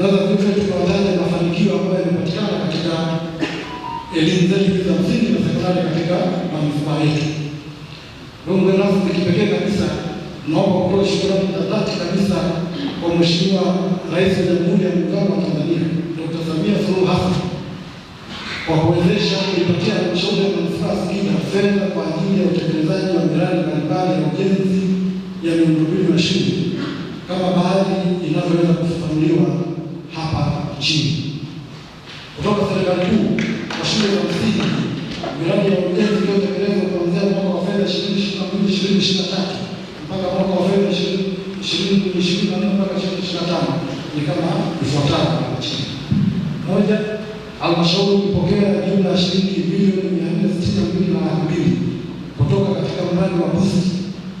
tunaweza kuisha tukawadhani mafanikio ambayo yanapatikana katika elimu zetu za msingi na sekondari katika manispaa yetu. Ndugu ni kipekee kabisa, naomba kwa shukrani za dhati kabisa kwa Mheshimiwa Rais wa Jamhuri ya Muungano wa Tanzania Dr. Samia Suluhu Hassan kwa kuwezesha kuipatia halmashauri ya manispaa Singida fedha kwa ajili ya utekelezaji wa miradi mbalimbali ya ujenzi ya miundombinu ya shule kama baadhi inavyoweza kufafanuliwa nchini kutoka serikali kuu kwa shule za msingi, miradi ya ujenzi iliyotekelezwa kuanzia mwaka wa fedha ishirini ishirini na mbili ishirini ishirini na tatu mpaka mwaka wa fedha ishirini ishirini na nne mpaka ishirini ishirini na tano ni kama ifuatavyo hapa chini. Moja, halmashauri ilipokea jumla ya shilingi bilioni mia nne sitini na mbili na laki mbili kutoka katika mradi wa BOOST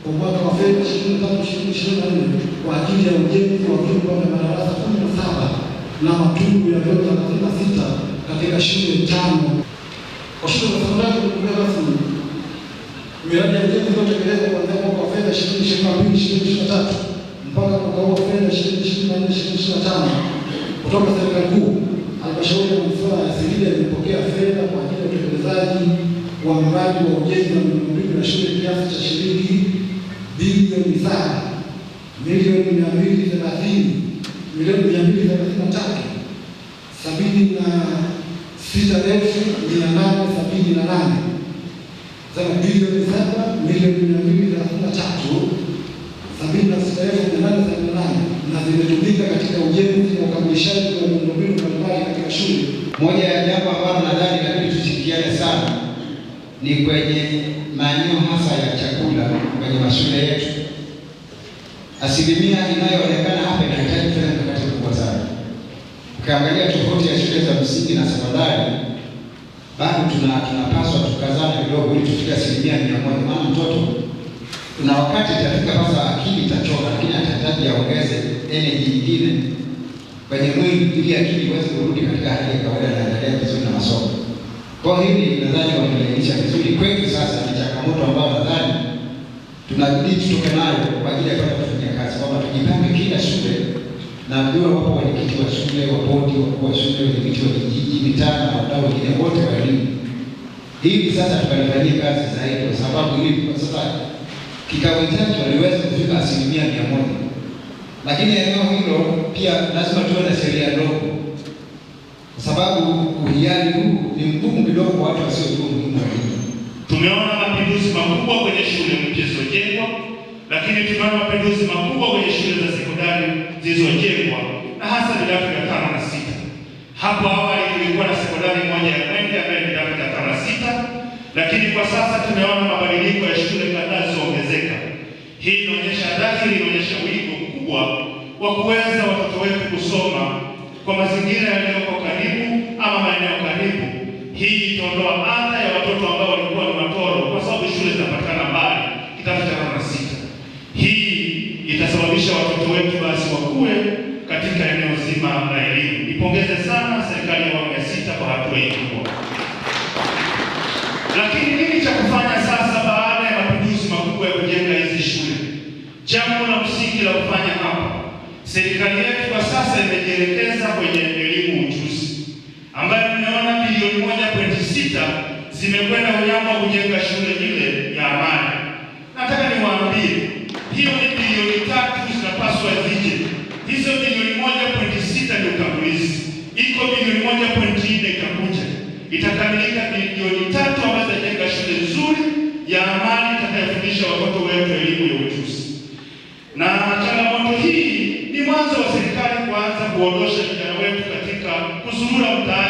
kwa mwaka wa fedha ishirini na tatu ishirini ishirini na nne kwa ajili ya ujenzi wa vyumba vya madarasa na matundu ya vyota thelathini na sita katika shule tano kwa shule za sekondari kutumia rasmi. Miradi ya ujenzi iliyotekelezwa kuanzia mwaka wa fedha ishirini ishirini na mbili ishirini ishirini na tatu mpaka mwaka huu wa fedha ishirini ishirini na nne ishirini ishirini na tano kutoka serikali kuu, halmashauri ya manispaa ya Singida imepokea fedha kwa ajili ya utekelezaji wa mradi wa ujenzi wa miundombinu ya shule kiasi cha shilingi bilioni saba milioni mia mbili thelathini milioni mia mbili thelathini na tatu sabini na sita elfu mia nane sabini na nane za bilioni saba milioni mia mbili thelathini na tatu sabini na sita elfu mia nane sabini na nane na zimetumika katika ujenzi na ukamilishaji wa miundombinu mbalimbali katika shule. Moja ya jambo ambalo nadhani inabidi tushirikiane sana ni kwenye maeneo hasa ya chakula Asilimia inayoonekana hapa inahitaji fedha mikakati kubwa sana. Ukiangalia tofauti ya shule za msingi na sekondari, bado tuna tunapaswa tukazana kidogo ili tufike asilimia mia moja, maana mtoto kuna wakati itafika sasa akili itachoka, lakini atahitaji aongeze energy nyingine kwenye mwili ili akili iweze kurudi katika hali ya kawaida na endelea vizuri na masomo. Kwa hili nadhani wamelainisha vizuri kwetu, Sasa ni changamoto ambayo nadhani tunabidi tutoke nayo kwa ajili ya naambiwa wapo wenyekiti wa shule wa bodi, wakuu wa shule, wenyekiti wa vijiji, mitaa na wadau wengine wote wa hivi sasa tukalifanyia kazi zaidi, kwa sababu hivi kwa sasa kikao chetu aliweza kufika asilimia mia moja, lakini eneo hilo pia lazima tuwe na sheria ndogo, kwa sababu uhiari huu ni mgumu kidogo kwa watu wasiojua umuhimu wa elimu. Tumeona mapinduzi makubwa kwenye shule mpya zilizojengwa lakini tunaona mapinduzi makubwa kwenye shule za sekondari zilizojengwa na hasa vidato vya tano na sita. Hapo awali kulikuwa na sekondari moja ya Mwenge ambayo vidato vya tano na sita, lakini kwa sasa tumeona mabadiliko ya shule kadhaa zilizoongezeka. Hii inaonyesha dhahiri, inaonyesha wigo mkubwa wa kuweza watoto wetu kusoma kwa mazingira yaliyoko karibu ama maeneo karibu. Hii itaondoa itasababisha watoto wetu basi wakuwe katika eneo zima la elimu. Nipongeze sana serikali ya awamu ya sita kwa hatua hii kubwa. Lakini nini cha kufanya sasa baada ya mapinduzi makubwa ya kujenga hizi shule? Jambo la msingi la kufanya hapa, serikali yetu kwa sasa imejielekeza kwenye elimu ujuzi, ambayo mmeona bilioni moja pointi sita zimekwenda unyama kujenga shule ile ya amani. Nataka niwaambie hiyo ni bilioni zinapaswa zije. Hizo milioni moja pointi sita ni utangulizi, iko bilioni moja pointi nne itakuja, itakamilika milioni tatu ambazo zitajenga shule nzuri ya amani itakayofundisha watoto wetu elimu ya ujuzi. Na changamoto hii ni mwanzo wa serikali kuanza kuondosha vijana wetu katika kuzurura mtaani.